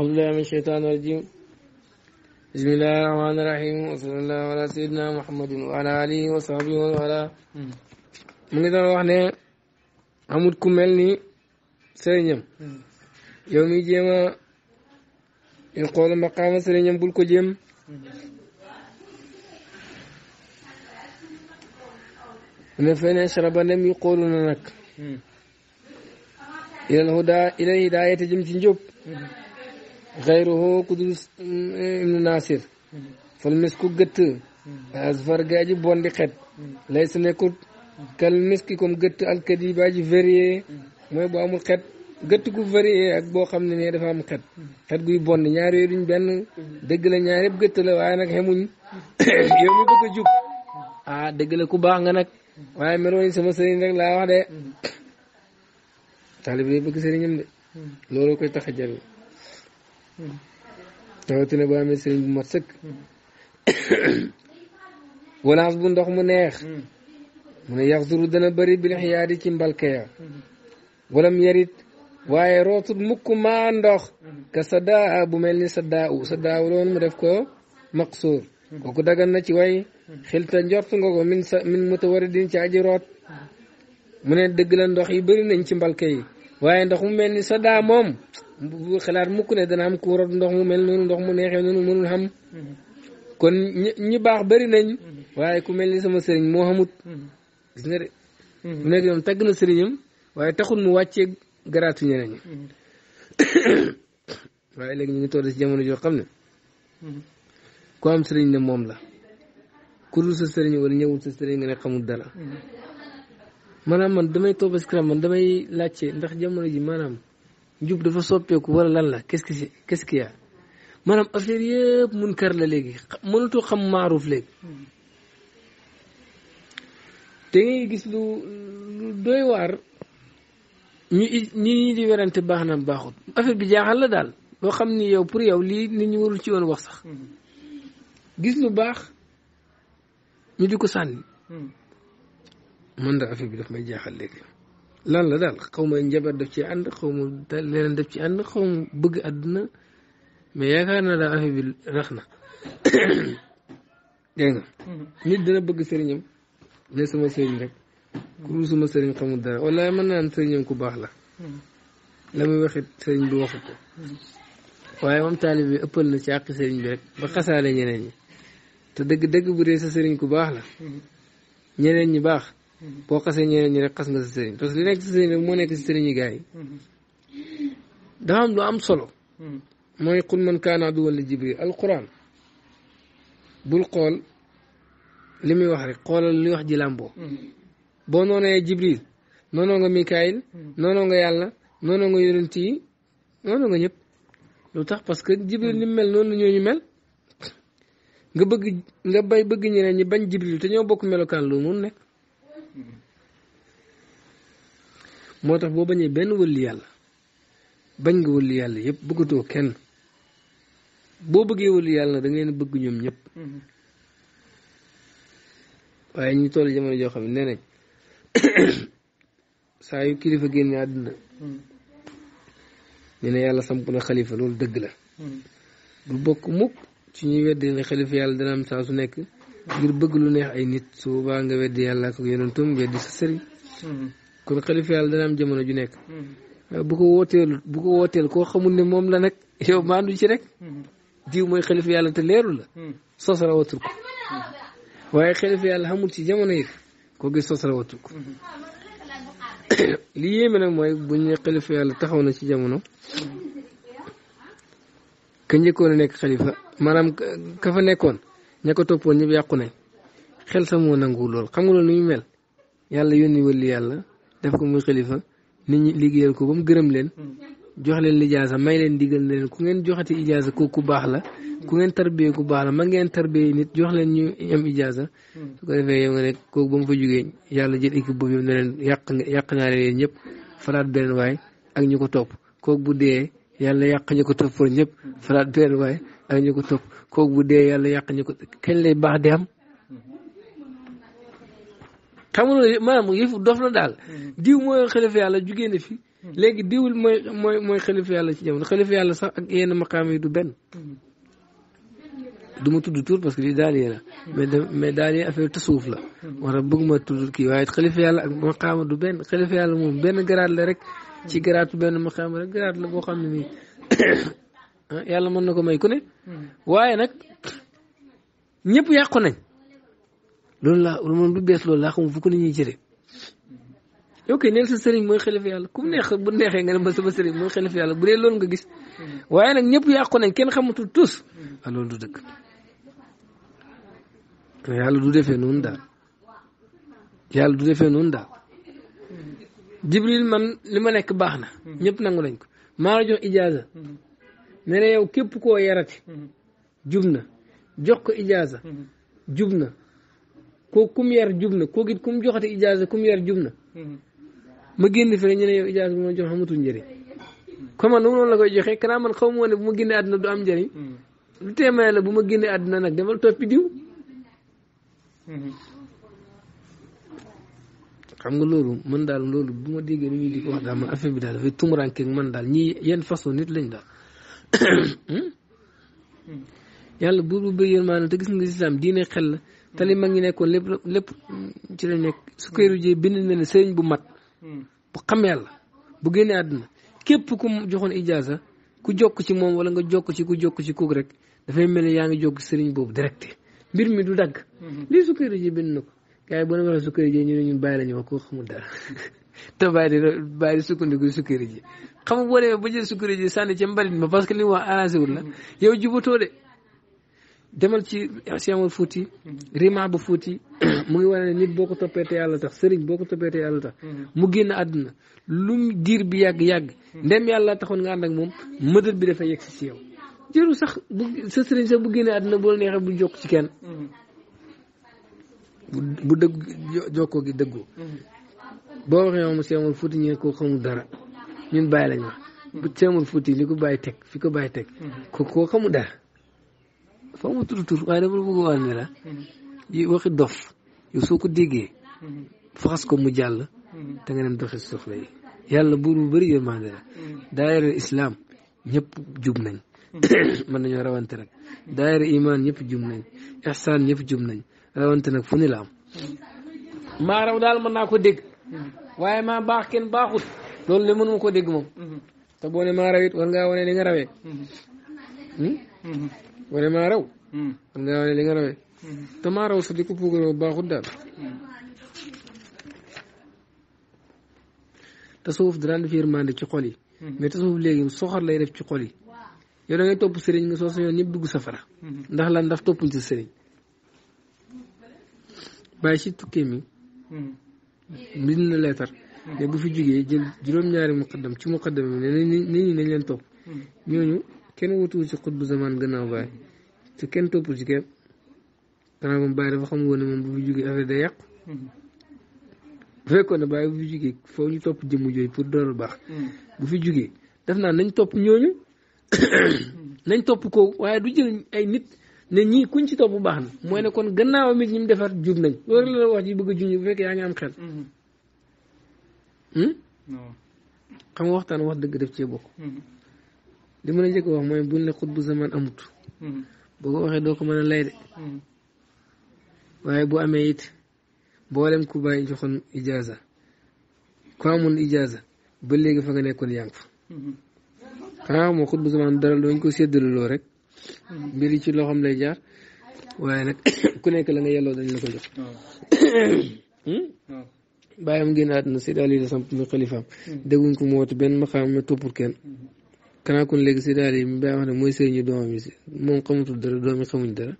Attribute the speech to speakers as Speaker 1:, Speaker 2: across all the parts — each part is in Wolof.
Speaker 1: أعوذ بالله من الشيطان الرجيم بسم الله الرحمن الرحيم وصلى الله على سيدنا محمد وعلى آله وصحبه وعلى
Speaker 2: mu
Speaker 1: ngi doon wax ne amut ku mel ni sëriñam yow mi jéem a in xoolu maqaama sëriñam bul ko jéem ne fene sharaba ndem yu xoolu na nag ilal huda ilal hidayata jëm ci njub xayruhu ku dul ibnu nasir fal misku gëtt asfar ga aji gëtt alkadi ba aji varié mooy bu amul xet gëtt gu varié ak boo xam ne ne dafa am xet xet guy bond ñaar yooyu duñ benn dëgg la ñaar gëtt la waaye nag xemuñ yow mi bëgg jub ah dëgg la ku baax nga nag waaye merooñ sama sëriñ rek laa wax de taalib yi bëgg sëriñam de loolu koy tax a jariñ Hmm. rawatina boo amee sëriñ bu walaas bu ndox mu neex hmm. mu ne yaxsuru dana bëri bil xiyaadi ci mbalke hmm. walam yarit waaye rootut mukk maa ndox ka saddaa bu mel ni saddaa u saddaa mu def ko maqsuur kooku dagan na ci way xilta njort nga ko min sa min mutawaridin ci aji root mu ne dëgg ndox yi bëri nañ ci mbalke yi waaye ndox mu mel ni soda moom bu xalaat mukk ne dana am ku rot ndox mu mel noonu ndox mu neexee noonu mënul xam kon ñi baax bari nañ waaye ku mel ni sama sëriñ moo xamut gis nga de mu nekk ñoom tagg na sëriñam waaye taxul mu wàccee garaatu ñeneen ñi waaye léegi ñu ngi toll ci jamono joo xam ne ku am sëriñ ne moom la ku dul sa sëriñ wala ñëwul sa sëriñ nga ne xamul dara maanaam man damay toog ba man damay laajte ndax jamono ji maanaam njub dafa soppeeku wala lan la qu'est-ce que c'est qu'est-ce qu'il y a maanaam affaire yëpp mun kar la léegi mënatoo xam maaruuf léegi te ngay gis lu lu doy waar ñu ñi ñi di werante baax na baaxut affaire bi jaaxal la daal loo xam ni yow pour yow lii nit ñi warul ci woon wax sax hmm. gis lu baax ñu di ko sànni hmm. man daal affaire bi daf may jaaxal léegi lan la daal xaw ma njabar daf ci ànd xaw ma leneen daf ci ànd xaw ma bëgg àdduna mais yaakaar naa daal affaire bi rax na dégg nga mhm. nit dana bëgg sëriñam ne sama sëriñ rek ku dul sama sëriñ xamul dara wala mën naa am sëriñam ku baax la mhm. la muy waxit sëriñ bi waxu ko mhm. waaye moom taalib bi ëppal na ci àq sëriñ bi rek ba xasaale ñeneen ñi te dëgg-dëgg bu dee sëriñ ku baax la ñeneen ñi baax boo xasee ñeneen ñi rek xas nga sa sëriñ parce que li nekk si sëriñ rek moo nekk si sëriñu gars yi dafa am lu am solo mooy xul man kaana aduwwan li jibril alquran bul xool li muy wax rek xoolal li wax ji làmboo boo noonee jibril noonoo nga mikaayil noonoo nga yàlla noonoo nga yonent yi noonoo nga ñëpp lu tax parce que jibril ni mel noonu ñooñu mel nga bëgg nga bay bëgg ñeneen ñi bañ jibril te ñoo bokk melokaan lu mun nekk moo tax boo bañee benn wëlli yàlla bañ nga wëlli yàlla yëpp bëggatoo kenn boo bëggee wëlli yàlla da ngeen bëgg ñoom ñëpp mm-hmm. waaye ñu toll jamono joo xam ne nee saa yu kilifa génne àdduna ñu mm-hmm. yàlla samp xalifa loolu dëgg la du mm-hmm. bokk mukk ci ñuy weddi ne xalifa yàlla dana am saa su nekk ngir bëgg lu neex ay nit su boobaa nga weddi yàlla ak yonentum weddi sa sëriñ kon xalifa yàlla dana am jamono ju nekk mm-hmm. euh, bu ko wooteel bu ko wooteel koo xamul ne moom la nag yow maandu ci rek mm-hmm. diw mooy xalifa yàlla te leerul la mm-hmm. sos rawatul ko ci jamono yi ko li yéeme nag mooy bu ñu ne xalifa yàlla taxaw na ci jamono ka njëkkoon a nekk xalifa maanaam ka fa nekkoon ña ko toppoon ñëpp yàqu nañ xel sa moo lool xam nu ñu mel yàlla yónni wëlli yàlla def ko muy xalifa nit ñi liggéeyal ko ba mu gërëm leen hmm. jox leen lijaasa may leen digal na leen ku ngeen joxati ijaasa ko ku baax la ku ngeen tarbiyee ku baax la ma ngeen tarbiyee nit jox leen ñu am ijaasa hmm. su ko defee yow nga ne kooku ba mu fa jógee yàlla jël équipe boobu yëpp ne yàq yàq ñëpp falaat beneen waay ak ñu ko topp kooku bu dee yàlla yàq ñu ko topp ñëpp falaat beneen waay ak ñu ko topp kooku bu dee yàlla yàq ñu ko kenn lay baax di am xam nga loolu maanaam dof la daal mm-hmm. diw mooy xalifa yàlla jugee na fi mm-hmm. léegi diwul mooy mooy mooy xalifa yàlla ci jamono xalifa sax ak yenn maqaam yi du benn mm-hmm. du tudd tuur parce que lii daal yee la mais mais daal yee affaire tasawuf la moo tax bëgguma tudd kii waaye xalifa yàlla ak maqaama du benn xalifa yàlla moom benn garaat la rek ci garaatu benn maqaama rek garaat la boo xam ne nii ah, yàlla mën na ko may ku ne waaye nag ñëpp yàqu nañ loolu laa moom du bees loolu laa xam fu ko nit ñuy jëlee yow kay sa sëriñ mooy xalifa yàlla ku mu neex bu neexee nga ne ma sama sëriñ mooy xalifa yàlla bu dee loolu nga waaye nag ñëpp yàqu nañ kenn xamatul tus a ah, loolu du dëkk yàlla du defee noonu daal yàlla du defe noonu daal jibril man li ma nekk baax na ñëpp nangu nañ ko maa la jox ijaaza ne na yow képp koo yarati mm-hmm. jub na jox ko ijaaza mm-hmm. jub na koo kum yar jub na koo git kum joxate ijaaza kum yar jub ma génn fi rek ñu ne yow ijaaza bi ma jox amatul njëriñ comme man noonu la koy joxee kanaa man xaw ma ne bu ma génnee àdduna du am njëriñ lu teemale la bu ma génnee àdduna nag demal xam nga loolu man daal loolu bu déggee ni bi daal dafay man daal ñii yenn façon nit lañ daal hmm? Hmm. bu bëgg yërmaande te gis nga islam diine xel te li mag ñi nekkoon lépp lépp ci lañ nekk Sukayru ji bind na ne sëriñ bu mat hmm. bu xam la bu génnee àdduna képp ku joxoon ijaaza ku jokk ci moom wala nga jokk ci ku jokk ci kooku rek dafay mel ne yaa ngi jokk sëriñ boobu direct mbir mi du dagg hmm. lii Sukayru ji bind na ko gars yi boo ñu ne ñu wax koo xamul dara te bàyyi di di sukkandiku Sukayru ji xam nga boo demee ba jël Sukayru ji sànni ca mbalit ma parce que li wax arrangé la hmm. yow jubatoo de demal ci Cheikh Fouti mhm. rima ba Fouti mu ngi wane ne nit boo ko toppee te yàlla sax sëriñ boo ko toppee te yàlla tax mhm. mu génn àdduna lu diir bi yàgg-yàgg mhm. ndem yàlla taxoon nga ànd ak moom mëdër bi dafa yegg si si yow jëru sax bu sa sëriñ sax bu génnee àdduna boo la neexee bu jokk ci kenn bu dëgg jokkoo gi dëggoo boo waxee moom Cheikh Fouti ñu ko xamul dara ñun bàyyi lañ wax bu Cheikh Fouti li ko bàyyi teg fi ko bàyyi teg ko koo xamul dara foo mu tudd tur waaye dama la bëgg a wax ne la dof yow soo ko déggee faxas ko mu jàll te nga dem doxi soxla yi yàlla buur bu bëri yërmande la daayira islam ñëpp jub nañ mën nañoo rawante rek daayira imaan ñëpp jub nañ ihsaan ñëpp jub nañ rawante nag fu ni la am maa raw daal mën naa ko dégg waaye maa baax kenn baaxut loolu de mënuma ko dégg moom te boo maa rawit war ngaa wane li nga rawee hmm? Hmm. wane maa raw man ngaa wane li nga rawee te maa raw sax di ko puugaroo baaxut daal tasawuf daan def yërmande ci xol yi mais tasawuf léegi soxor lay def ci xol yi yow da topp sëriñ nga soo sa yoon ñëpp dugg safara ndax lan ndax toppuñ ci sëriñ bàyyi si tukkee mi mbind na leetar mais bu fi jógee jël juróom-ñaari muqaddam ci muqaddam yi ne nit ñi nañ leen topp ñooñu kenn wutuwul ci xut bu zaman gannaaw baay te kenn toppul ci kenn xanaa baay dafa xam woon ne moom bu jógee affaire day yàqu mm-hmm. bu fekkoon ne baay bu fi jógee foo ñu topp jëmm jooju pour doolu baax mm-hmm. bu fi jógee def naa nañ topp ñooñu mm-hmm. nañ topp kooku waaye du jël ay nit ne ñii kuñ ci topp baax na mooy ne kon gannaawam it ñi mu defar jub nañ loolu la wax ji bëgg a junj bu fekkee yaa ngi am xel hmm? xam nga waxtaan wax dëgg def cee bokk li ma la njëkk wax mooy buñ la xutbu zaman amut hmm. boo ko waxee doo ko mën a lay de hmm. waaye bu amee it boolem ku bàyyi joxoon ijaaza ku amoon ijaaza ba léegi fa nga nekkoon yaa ngi fa hmm. dañ ko séddaloo rek ci loxoom lay jaar waaye nag nekk la nga yelloo dañ la ko jox bàyyam génn àdduna si daal yi da samp mi xalifaam dégguñ ko mu woote benn maxaam na toppul kenn kanaa kon léegi si daal yi mi bàyyi wax ne mooy sëriñu doomam yi si moom xamutul dara doom yi xamuñ dara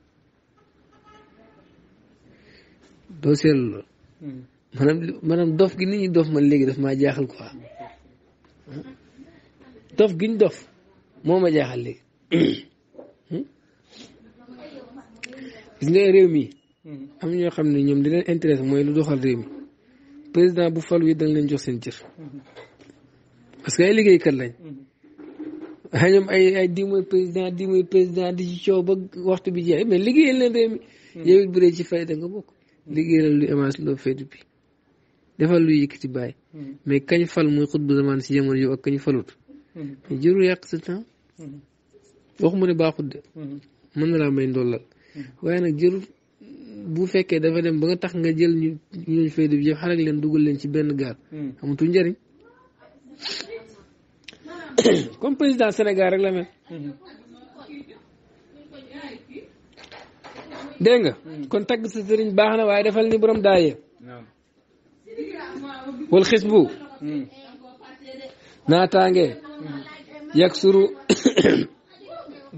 Speaker 1: doo seetlu loolu hmm. maanaam maanaam dof gi nit ñi dof man léegi daf maa jaaxal quoi dof giñ dof moo ma jaaxal léegi gis nga réew mi hmm. am ñoo xam ne ñoom di leen intéresse mooy lu doxal réew mi président bu fal wi danga leen jox seen cër hmm. parce que ay liggéeykat lañ ñoom ay ay di mooy président di mooy président di ci coow ba waxtu bi jeex mais liggéeyal leen réew mi. Hmm. yow bu dee ci fayda nga bokk. Hmm. liggéeyal lu émence loo fayda bi defal lu yëkkati hmm. mais kañ fal muy xut bu zamaan si jamono kañ falut. jërul yàq sa temps. waxuma ne baaxut de. mën na laa may ndollal. waaye nag jërul bu fekkee dafa dem ba nga tax nga jël ñu ñu fayda bi yëpp xarak leen duggul leen ci benn gaal. amatul njëriñ. comme président Sénégal rek la mel. Mm-hmm. sa sëriñ baax na waaye defal ni borom daaye.
Speaker 2: wal mm.
Speaker 1: naataange. yàq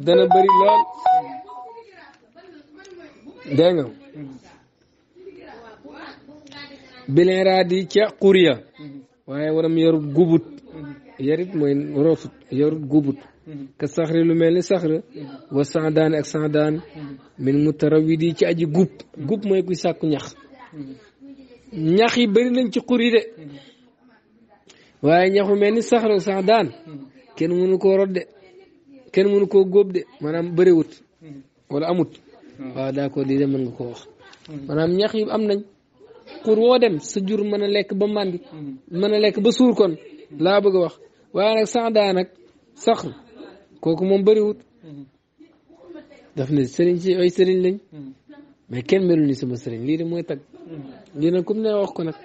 Speaker 1: dana bëri lool. dégg nga.
Speaker 2: Mm-hmm. ca xuriya mm-hmm.
Speaker 1: waaye waram yoru gubut. yarit mooy roofut yarut guubut mm-hmm. ka saxri lu mel ni saxra wa sandaan ak sandaan mm-hmm. min mutarawidi ci aji guub mm-hmm. guub mooy kuy sàkku ñax ñax yi bëri nañ ci xur yi de waaye ñaxu mel ni saxra sandaan kenn mënu koo rod de kenn mënu koo góob de maanaam bëriwut wala amut waaw d'accord lii de mën nga koo wax maanaam ñax yi am nañ xur woo dem sa jur mën lekk ba màndi mën a lekk ba suur kon laa bëgg a wax waaye nag sax daa sax kooku moom bariwut daf ne sëriñ si ay sëriñ lañ mais kenn melu ni sama sëriñ lii de mooy tag lii nag comme ne wax ko nag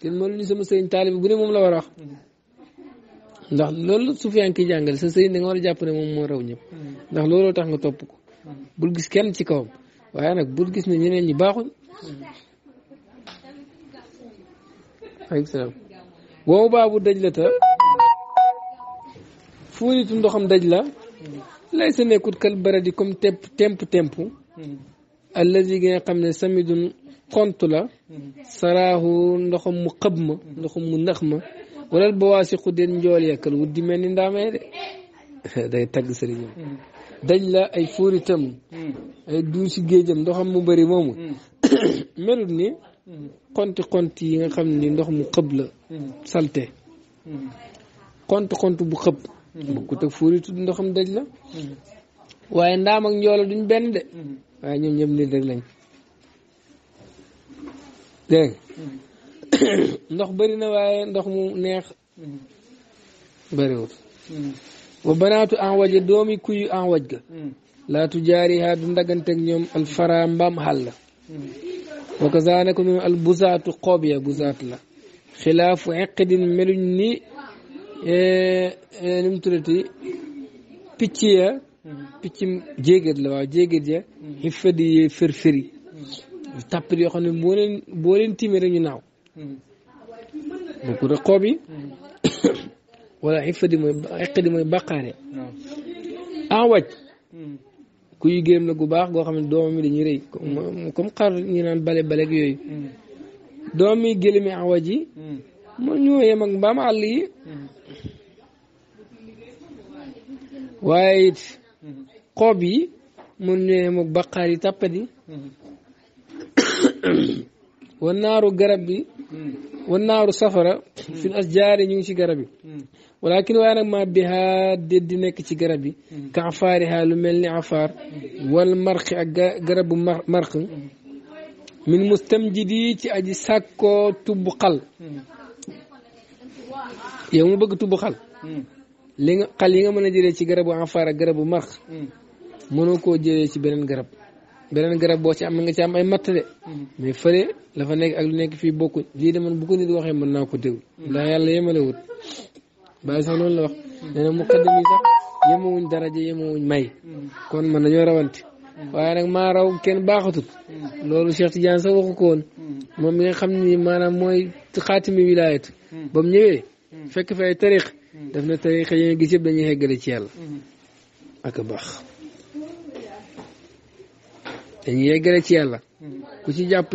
Speaker 1: kenn melu ni sama sëriñ taalibi bu ne moom la war a wax ndax loolu su fiyan ki jàngale sa sëriñ da jàpp ne moom moo raw ñëpp ndax looloo tax nga topp ko bul gis kenn ci kawam waaye nag bul gis ne ñeneen ñi baaxuñ aleykum salaam wow baabu daj la ta fuuritu ndoxam daj la lay sa nekkut kal baradi comme temp temp temp allazi gi nga xam ne samidun xont la saraahu ndoxam mu xëb ma mu nax ma wala bawaasiqu den njool yekkal wut di mel ni ndaamee de day tagg sëriñam daj la ay fuuritam hmm. ay duusi géejam ndoxam mu bëri moomu hmm. melut xonti xont yi nga xam ni ndox mu xëb la salte xont xont bu xëb bokkut ak fuuritu ndoxam daj la waaye ndaam ak njoola duñ benn de waaye ñoom ñëpp nit rek lañ ndox bëri na waaye ndox mu neex bëriwul wa banaatu en waja doomi kuyu en waj ga laatu jaariha du ndaganteeg ñoom alfara mbaam xàll wa kazaalika noonu al buzaatu xoob ya buzaat la xilaafu eqidin meluñ ni e, e, nu picc ya piccim jéegéet la waaw jéegéet ya xifadi yee firfiri tàppit yoo xam ne boo leen boo leen naaw wala xifadi mooy mooy baqaare en kuy géem la gu baax goo xam ne doomam yi dañuy rëy mm. comme ñu naan bale baleeg yooyu mm. doom yi gélimi awaj yi moo mm. ñoo yem ak mbaam àll yi waaye it xoob yi mën ñoo yem ak naaru garab bi naaru safara fil asjaari ñu ngi ci garab yi walakin waaye nag maa bihaa déddi nekk ci garab yi mm-hmm. ka afaarihaa lu mel ni afaar mm-hmm. wal marq ak garabu marq min mustamjidi ci aji sàkkoo tubb xal mm-hmm. yow mu bëgg tubb xal li nga xal yi nga mën a jëlee ci garabu afaar ak garabu marq mënoo koo jëlee ci beneen garab beneen garab boo ci am nga ci am ay matt de mais fële la nekk ak lu nekk fii bokkuñ lii de man bu waxee mën naa ko déglu ndax yàlla yemalewut bàyyi sax loolu la wax nee na muqaddim yi sax yemewuñ daraja yemewuñ may kon man nañoo rawante waaye nag ma raw kenn baaxatut loolu Cheikh Tidiane sax waxu ko woon moom mi nga xam ni maanaam mooy xaatimi wilaayat ba mu ñëwee fekk fay tariix daf na tariix yi nga gis yëpp dañuy xeggale ci yàlla ak a baax dañuy yeggale ci yàlla ku ye jàpp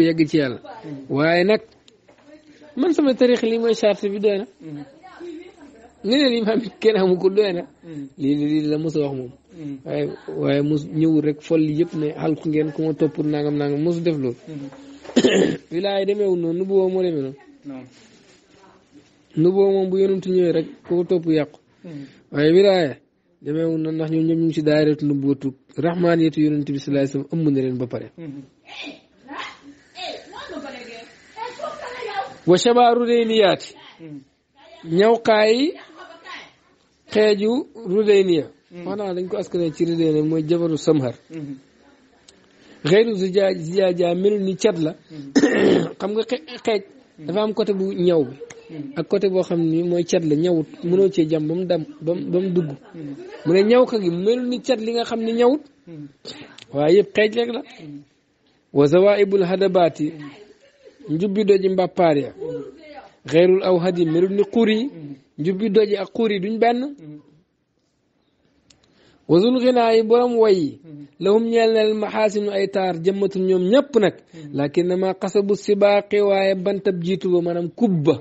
Speaker 1: man sama tariix li mooy charte bi doy ñu ne lii maam kenn xamu ko doy na mm. lii lii la mos a wax moom mm. waaye waaye mos ñëwul rek fol yëpp ne xalku ngeen ku ma topp nangam nangam mosu def loolu mm-hmm. wilaay demeewul noonu nu boobu moo demee
Speaker 2: noonu
Speaker 1: nu boobu moom yàqu mm-hmm. waaye wilaaya demeewul ndax ñoom ñoom ñu ngi si daayiratu nubuwatu rahmaan yetu yonent bi sallallahu alayhi wasallam ëmb na leen ba pare mm-hmm. wa shabaaru day niyaati ñawkaay xeeju rudayniya wax mm-hmm. naa dañ ko askane ci rudayniya mooy jabaru samhar mm-hmm. xëyru zijaa ni cat la mm-hmm. xam nga xeej dafa am côté bu ñaw bi ak côté boo xam ni mooy cat la ñawut mënoo cee jam ba mu dam ba mu dugg mu ne ñaw ka gi melul ni cat li nga xam ni ñawut waaye yëpp xeej rek la wa zawaibul hadabaati njubbi doji mbàppaar ya xeerul aw hadi melul ni xuur yi njub bi doji ak xuur yi duñ benn wasul xinaa yi borom way lahum ñeel neel maxaasinu ay taar jëmmatul ñoom ñëpp nag lakin nama xasabu sibaaqi waaye bantab jiitu ba maanaam kub ba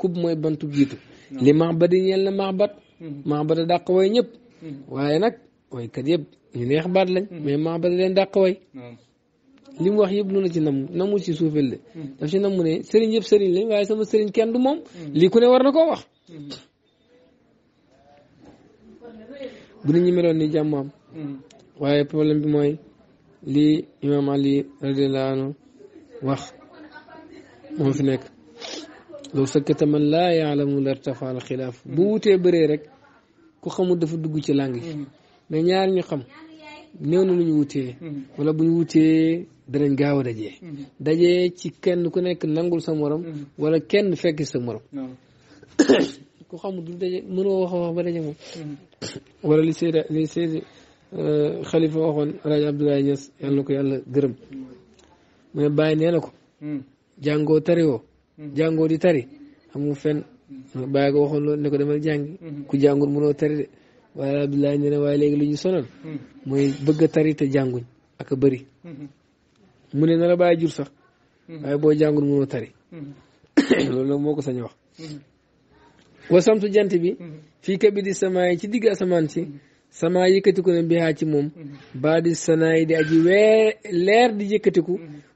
Speaker 1: kub mooy bantub jiitu li maxbat yi ñeel na maxbat maxbat a dàq way ñëpp waaye nag waykat yëpp ñu neex baat lañ mais maxbat leen dàq way li mu wax yëpp noonu la ci namm namul ci suufel de hmm. daf ci namm ne sëriñ yëpp sëriñ lañ waaye sama sëriñ kenn du moom hmm. lii ku ne war na ko wax hmm. bu nit ñi meloon ni jàmm waaye problème bi mooy lii imaam ali radiallahu anhu wax moom fi nekk loolu sëkkata man laa yaalamu lartafa al xilaaf bu wutee bëree rek ku xamul dafa dugg ci làng mais ñaar ñu xam néew na wutee wala bu ñu wutee danañ gaaw a dajee mhm. dajee ci kenn ku nekk nangul sa morom mhm. wala kenn fekk sa morom ku xamul du daje mënoo wax a wax ba daje moom mhm. wala li Seydi li Xalifa euh, waxoon rajo Abdoulaye Niass yàlla ko yàlla gërëm mu ne bàyyi nee na ko mm. jàngoo tariwoo mm. jàngoo di tari amul fenn mm. bàyyi ko waxoon loolu ne ko demal jàngi mm-hmm. ku jàngul mënoo tari de waaye Abdoulaye léegi lu ñu sonal mooy bëgg tari te jànguñ ak bëri mm-hmm. mu ne na la bàyyi jur sax mm-hmm. waaye boo jàngul mënoo tari mm-hmm. loolu nag moo ko sañ wax mm-hmm. wasamtu jant bi fii kabidi yi ci digg asamaan si samaa yëkkatiku ne ci moom baa di sanaayi di leer di yëkkatiku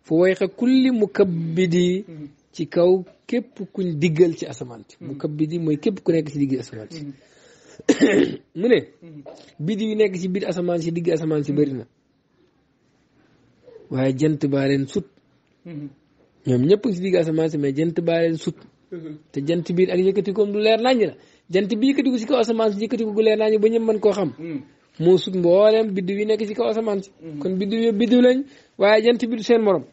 Speaker 1: fu wayxa kulli mukabbidi ci kaw képp kuñ diggal ci asamaan si mukabbidi mooy képp ku nekk ci digg asamaan si mu ne bidi yu nekk ci biir asamaan si digg asamaan si bari na waaye jant baa leen sut ñoom ñëpp si digg asamaan si mais jant baa leen sut te jant biir ak yëkkati koom du leer naññ la jant bi yëkkati si kaw asamaan si ko gu leer naññ ba ñëpp koo xam moo sut mboolem biddiw yi nekk si kaw asamaan si kon biddiw yëpp biddiw lañ waaye jant bi du seen morom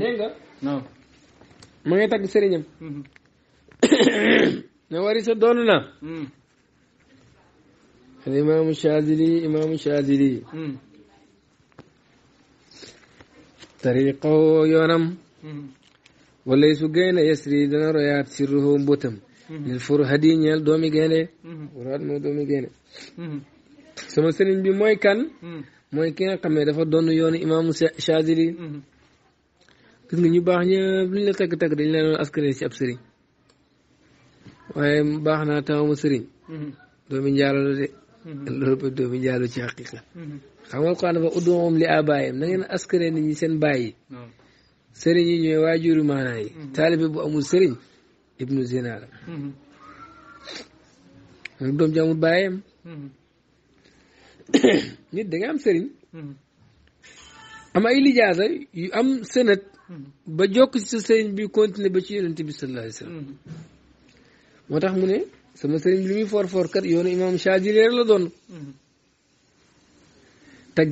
Speaker 1: dégg nga tagg sëriñam mm-hmm. ne wari sa doonu na mm. الإمام الشاذلي إمام الشاذلي طريقه يونم وليس جينا يسري دنا رياض سره بوتم للفرهدي نيل دومي جينا وراد مو دومي جينا سما سنين بي موي كان موي كان قمي دفا دون يون إمام الشاذلي كيس نيو باخ ني لين لا تك تك دين لا اسكري سي اب سيري واي باخنا تاو مو سيري دومي نيارو Mm-hmm. loolu ba doomi jaalu ci xaqiqa mm-hmm. xam nga alquran dafa udduhum li abaayim na ngeen askare nit ñi seen bàyyi sëriñ yi ñooy waajuri maanaa yi mm-hmm. taalibe bu amul sëriñ ibnu zina la moom doom ji amul bàyyam nit am sëriñ am ay lijaasa yu am sënat ba jokk ci sa sëriñ bi continuer ba ci yonente bi sallallahu alayhi wa moo tax mu ne sama sëriñ bi li muy for for kat yoonu imaam Shaadili la doon mhm. te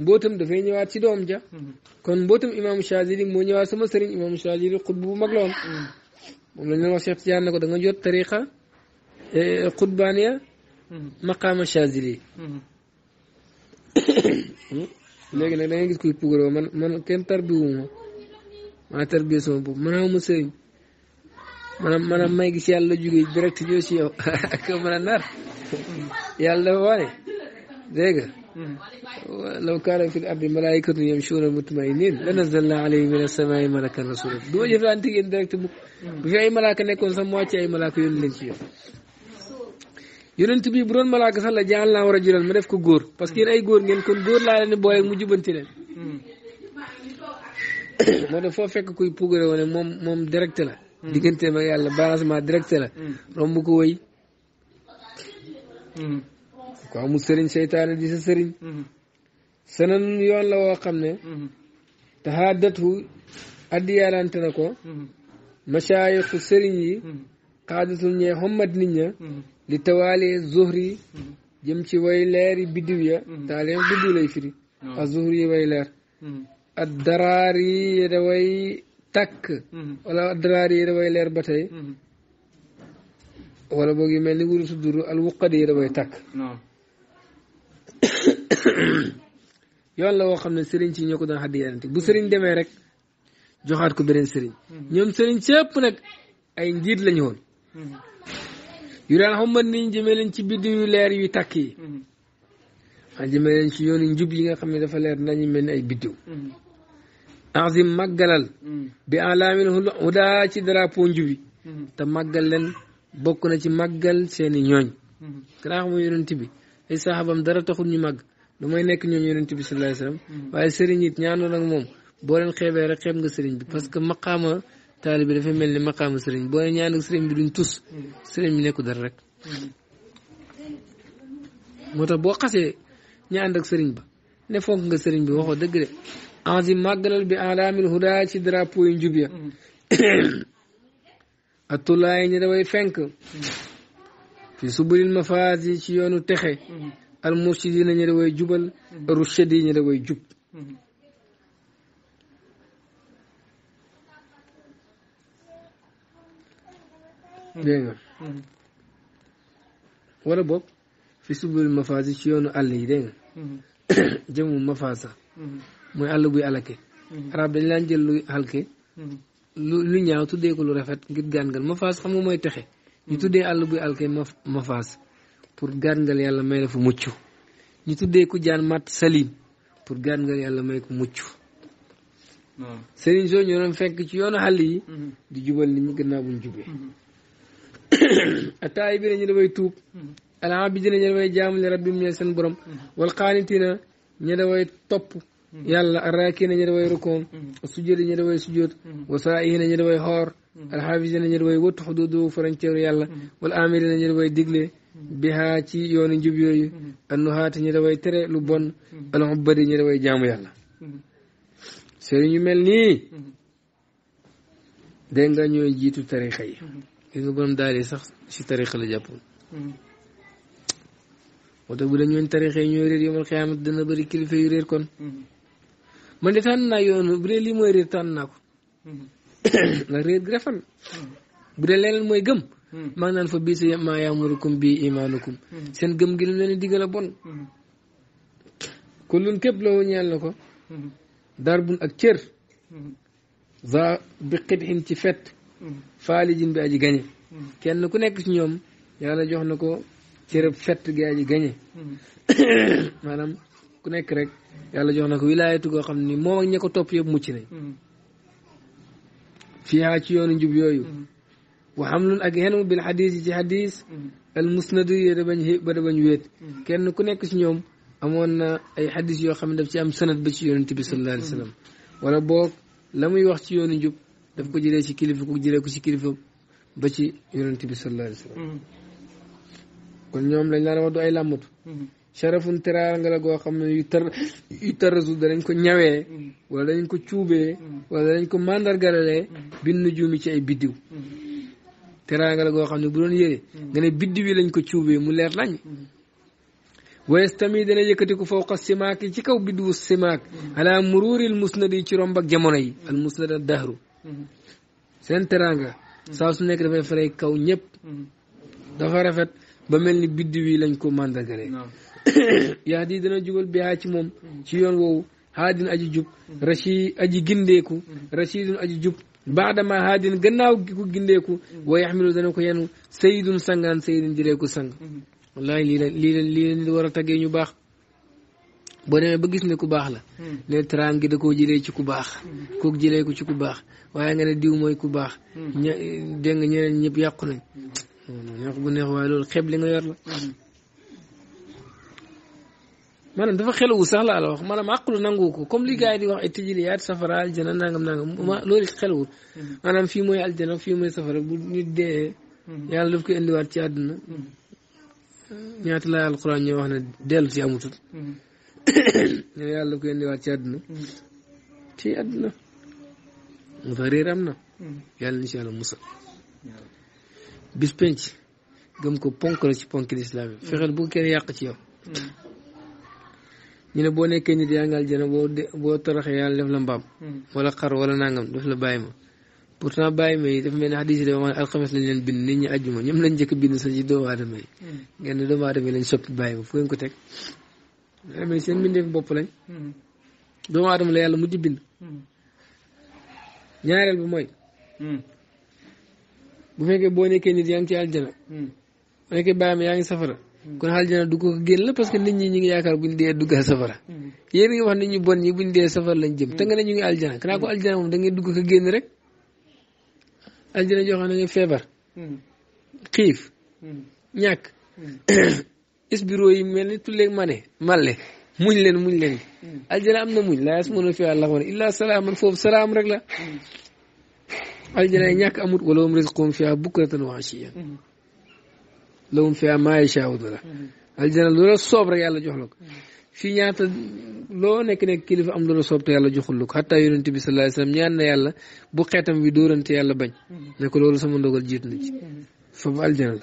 Speaker 1: mbootam dafay ñëwaat ci doom ja mhm. kon mbootam imaam Shaadili moo ñëwaat sama sëriñ imaam Shaadili xutbu bu mag la woon mhm. moom ne ko da nga jot tariqa eh, xutbaaniya maqaama gis kuy pugaroo man man kenn tarbiwu maa tarbiwu sama bopp man aw ma maanaam maanaam may gis yàlla jóge direct ñëw si yow ak mën a nar yàlla dafa wane dégg nga mm-hmm. law kaana fi l ardi malaikatun yamshuna mutmainin la nazalna alayhim min as-samai malakan rasula du ma direct bu mm-hmm. bu fi ay malaaka nekkoon sax mu wàcce ay malaaka yónni leen ci yow yonent bi bu doon malaaka sax la jaan laa war a jural ma def ko góor parce que yéen ay góor ngeen kon góor laa leen booyeg mu jubanti leen mm-hmm. moo def foo fekk kuy puugare woon moom moom direct la Hmm. digganteem ak yàlla balancement direct la hmm. romb ko wëy hmm. ko amul sëriñ seytaane di sa sëriñ sanan yoon la woo xam ne taxaadatu addiyaalante na ko masaayixu sëriñ yi xaadatul ñee xommat nit ña li tawaale zuhri jëm way leer biddiw ya taalee biddiw lay firi ak zuhri way leer ak daraar yi da way takk mm-hmm. wala adaraar yi leer ba tey mm-hmm. wala boog yu mel ni wurusu duru al wuqat yi dafay takk yoon la woo xam ne sëriñ si ko doon bu sëriñ demee rek joxaat ko beneen sëriñ mm-hmm. ñoom ay njiit lañu woon yu daan xambat niñ jëmee leen ci biddiw leer yuy takk yi a ci yoonu njub yi nga xam ne dafa leer nañu mel ni ay biddiw azim màggalal mm. bi alaamil hudaa ci drapeau njubi mm-hmm. te màggal leen bokk na ci màggal seeni ñooñ kanaa mm-hmm. xamul bi ay saxaabam dara taxul ñu màgg lu may nekk ñoom yonent bi sallallahu alayhi wasallam mm-hmm. waaye sëriñ it ñaanoon ak moom boo leen xeebee rek xeeb nga sëriñ bi parce que maqaama taali bi dafay mel ni maqaama sëriñ boo ñaan ak sëriñ bi duñ tus sëriñ bi nekku dara rek moo tax boo xasee ñaan ak sëriñ ba ne fonk nga sëriñ bi waxoo dëgg de azim màggalal bi alaamil huda ci drapeau yu njub ya mm-hmm. atulaay ñi fenk mm-hmm. fi suburil mafaaz ci yoonu texe mm-hmm. al mursidina ñi daway jubal rushad yi ñi daway jub wala boog fi suburil mafaaz ci yoonu àll yi dégg nga jëmu mafaaz mooy àll buy alake mhm. arab dañ laan jël luy halke mhm. lu lu ñaaw tuddee ko lu rafet ngir gàngal ma faas xam nga mooy texe ñu mhm. tuddee àll buy alke ma ma faas pour yàlla may la fu mucc ñu tuddee ku jaan matt salim pour gàngal yàlla may ko mucc sëriñ soo ñu fekk ci yoonu xàll yi di jubal nit ñi gannaaw buñ jubee ataay bi nañu dafay tuub alhamdulilah ñu dafay jaamu rabbi mu ñeel seen borom wal xaanitina ñu dafay topp Mm-hmm. yàlla arraakina na da way rukoon sujjóoti ñi da way sujjóot wasaa'ihina ñi da mm-hmm. way xoor mm-hmm. alxaafisina ñi da way wattu xuduudu frontière yàlla wal amirina ñi da way digle bihaa ci yoonu njub yooyu annuhaati ñi da way tere lu bon alxubbadi ñi da way jaamu yàlla sëriñ yu mel nii dégg nga ñooy jiitu tarixa yi gis nga borom daal yi sax si tarixa la jàppoon moo tax bu la ñooñ yi ñooy réer yomal xiyaamat dana bëri kilifa yu réer kon man de tànn naa yoonu bu dee lii mooy réer tànn naa ko mm-hmm. ndax réer gi rafet mm-hmm. bu dee leneen mooy gëm mm-hmm. maa naan fa bii si maa yaamurukum bii imaanukum seen gëm gi lu leen di digal a bon kullun képp loo ñeel na ko darbun ak cër za bi xitxin ci fett faalijin bi aji gañe kenn ku nekk ci ñoom yàlla jox na ko cërëb fett gi aji gañe ku nekk rek yàlla jox na ko wilaayatu goo xam ni moom ak ña ko topp yëpp mucc nañ fiihaa ci yoonu njub yooyu wa xamlun ak xenu bil xadis yi ci xadis al musnad yi da bañ ba da bañ wéet kenn ku nekk si ñoom amoon na ay xadis yoo xam ne daf ci am sanad ba ci yonent bi sallallahu alayhi wa sallam wala boog la muy wax ci yoonu njub daf ko jëlee ci kilifa ku jëlee ko ci kilifa ba ci yonent bi sallallahu alayhi wa sallam kon ñoom lañ laa wax du ay làmbatu sharafun teraal goo xam ne yu ko ñawee ko cuubee dañ ko màndargalalee bin nujuumi ci goo xam ne bu doon yére lañ ko cuubee mu leer lañ wayes tamit dana yëkkatiku fawqa simaak ci kaw biddiwu simaak ala mururil musnad ci romb jamono yi al musnad ad dahru seen teraanga saa su nekk dafay faray kaw ñëpp dafa rafet ba mel ni biddiw yi lañ ko màndargalee yaa di dana jugal bi haa ci moom ci yoon woowu haadin aji jub rashi aji gindeeku rashidun aji jub baadama haadin gannaaw ku gindeeku wa yaxmilu dana ko yenu sayidun sangaan sayidun jëleeku sang wallahi lii la lii la lii war a tagee ñu baax boo demee ba gis ne ku baax la ne teraanga da koo jëlee ci ku baax kooku jëlee ko ci ku baax waaye nga ne diw mooy ku baax ña dégg nga ñeneen nañ neex waaye loolu xeeb li nga yor la manam dafa xelawu sax la la wax manam aqlu nangu ko comme li gaay di wax ay yaat safara aljana nangam nangam ma loolu xelawul maanaam fii mooy aljana fi moy safara bu nit de yàlla daf ko indi wat ci aduna ñaata la alquran ñu wax na delu ci amutul ñu yàlla daf indi wat ci aduna ci aduna ngari ram na yàlla ni ci yàlla musal bis penc gëm ko ponk la ci ponk lislaam fexel bu kenn yàq ci yow ñu ne boo nekkee nit yaa ngi aljana boo boo toroxee yàlla def la mbaam hmm. wala xar wala nangam def la bàyyi ma pourtant bàyyi ma yi dafa mel alxames lañ leen bind nit ñi ajjuma ñoom lañ njëkk bind sax ci doomu aadama yi hmm. ngeen ne lañ soppi bàyyi ma fu ngeen ko teg mais seen mbindeef bopp lañ hmm. doomu aadama la yàlla mujj bind ñaareel bi mooy bu fekkee boo nekkee nit yaa ngi ci aljana bu nekkee bàyyi ma yaa ngi safara kon aljana du ko génn la parce que nit ñi ñu ngi yaakaar buñ dee duggal safara mm. yéen ngi wax nit ñu bon ñi buñ dee safara lañ jëm te nga ne ñu ngi aljana kanaa ko mm. aljana moom da ngay dugg ko génn rek aljana joo xam ne feebar mm. xiif ñàkk isbiro yi mel ni tulleeg mane malle muñ leen muñ leen aljana am na muñ laa yasmuna fiihaa laghwan illaa salaaman foofu salaam rek la aljana yi ñàkk amut wala hum rizquhum fiihaa bukratan wa ashiyyan lahum fiha maa yashaa'uuna la mm-hmm. aljana lu la soob rek yàlla jox la ko mm-hmm. fii ñaata loo nekk nekk kilifa am lu la soob te yàlla joxul la ko xataa yonent na yàlla bu xeetam bi dóorante mm-hmm. la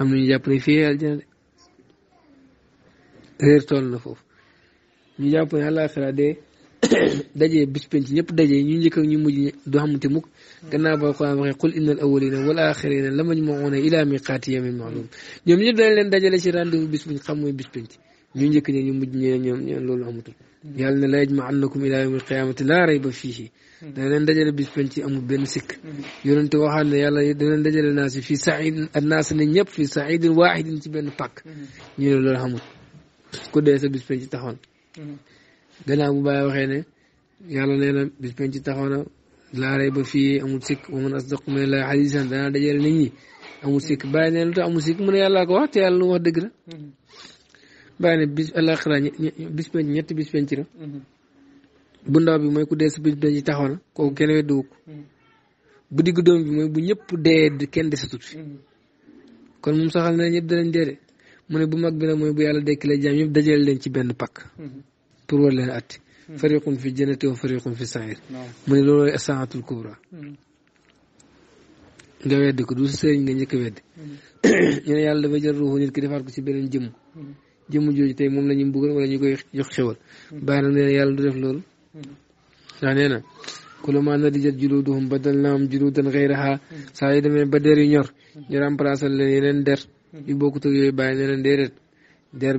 Speaker 1: am nañu jàpp ne fii aljana de réer toll na foofu ñu jàpp ne àllaaxira de daje bis ci ñep daje ñu ñëk ñu mujj du xamante mukk ganna ba ko waxé qul innal awwalina awalina wal axirina la majmuuna ila miqaati yamin ma'lum ñom ñu dañ leen dajale ci rendez-vous bis buñ xam mooy bis ci ñu ñëk ñu mujj ñe ñom ñoom loolu amutul yàlla ne la yajmaannakum ila yawmi qiyamati la rayba fihi dañ leen dajale bis ci amu ben sik yonente waxal na yàlla dañ leen dajale naa si fii said annaas ne ñëpp fii saidin wahid ci ben pak ñu ne loolu xamul ku dé sa bis ci taxawal gannaaw bu bàyyi waxee ne yàlla nee na bis penc taxaw na laa rey ba fii amul sikk wa man a min allahi hadiisan danaa dajale nit ñi amul sikk bàyyi nee lu tax amul sikk la bàyyi ne bis alaxira bu ndaw bi mooy ku dee si bis penc taxaw bu diggu doom bi mooy bu ñëpp dee kenn desatut kon moom saxal na ñëpp danañ dee de mu ne bu mag bi nag mooy bu yàlla dekki la jaam yëpp dajale leen ci benn pakk pour war leen atti fariqun fi jannati wa fariqun fi sair mu ne loolooy saatul kubra nga wedd ko du sëriñ nga njëkk wedd hmm. ñu ne yàlla dafa jël ruuxu nit ki defaat ko ci beneen jëmm hmm. jëmm jooju tey moom la ñu bëggal wala ñu koy jox xewal hmm. bàyyi na nee na yàlla du def loolu ndax nee na kulama nadijat juluduhum badalnaahum juludan ghayraha saa yu demee ba der yu ñor ñu remplacé leen yeneen der yu bokkut ak yooyu bàyyi ne leen déedéet der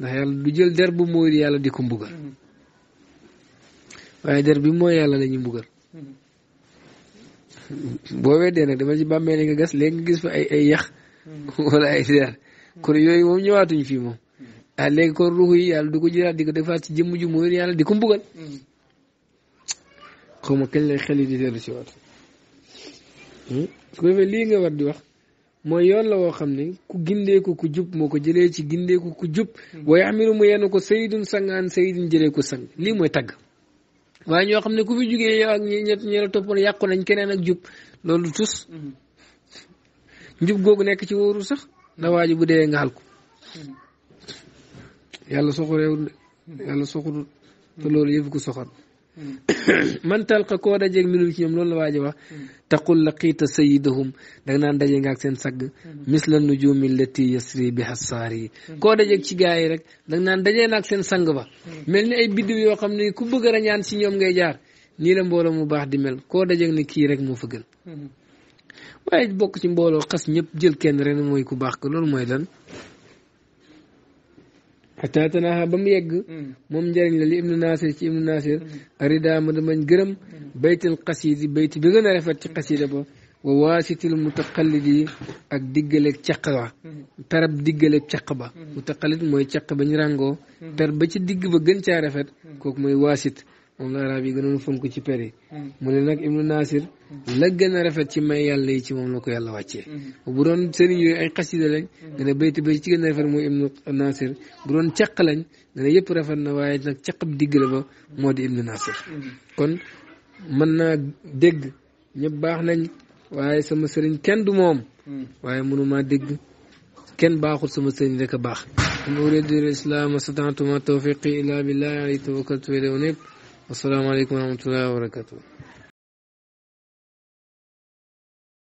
Speaker 1: ndax yàlla du jël der bu mooy yàlla di ko mbugal waaye der bi mooy yàlla la ñu mbugal boo weddee nag dama ci bàmmee ni nga gas léegi nga gis fa ay ay yax hmm. wala ay der hmm. kon yooyu moom ñëwaatuñ fii moom hmm. ah léegi kon ruux yi yàlla du ko jëlaat di ci jëmm ju di ko lay ko defee lii nga war di wax mooy yoon la woo xam ne ku gindee ko ku jub moo ko jëlee ci gindeeku ku jub waaye amiru mu yenn ko saydun sangaan saydun jëlee ko sang lii mooy tagg waaye ñoo xam ne ku fi jugee yow ñi la toppoon yàqu nañ keneen ak jub loolu tus njub googu nekk ci wóoru sax da waaju bu dee ngaal xal ko yàlla soxoreewul de yàlla soxorul te loolu yëpp ko soxor Hmm. man talqa koo dajeeg minum ci ñoom loolu la waaji wax hmm. la laqiita sayidahum danga naan daje nga ak seen sagg hmm. misla nujumi lati yasri bi hassaar yi koo dajeeg ci gaa yi rek danga naan dajee naak seen sang ba mel ni ay biddiw yoo xam ne ku bëgg a ñaan si ñoom ngay jaar nii la mbooloo mu baax di mel koo dajeeg ne kii rek moo fa gën waaye bokk ci mbooloo xas ñëpp jël kenn ren mooy ku baax ko loolu mooy lan xataa tanaaxa ba mu yegg mm. moom njëriñ la li ibnu nasir ci ibnu nasir mm. arida ma damañ gërëm mm. baytal xasidi bayti bi gën a rafet ci xasida ba wa waasitil mutaqallid yi ak diggaleeg caq ba tarab diggaleeg caq ba mutaqallid mooy caq ba ñu ràngoo tar ba ci digg ba gën caa rafet kooku mooy waasit moom la arab yi gënoon fonk ci per yi hmm. mu ne nag ibnu nasir hmm. la gën a rafet ci may yàlla yi ci moom la ko yàlla wàccee hmm. bu doon sëriñ yooyu ay xasida lañ nga ne bayti ba ci gën a rafet mooy ibnu nasir bu doon caq yëpp rafet na waaye nag caqab digg la ba moo di ibnu nasir kon mën naa dégg ñëpp baax nañ waaye sama sëriñ kenn du moom waaye mënumaa dégg kenn baaxul sama sëriñ rek a baax in uridu al islam astata'tu ma tawfiqi illa billahi alayhi tawakkaltu wa ilayhi unib asalaamaaleykum wa rahmatulah wa barakatu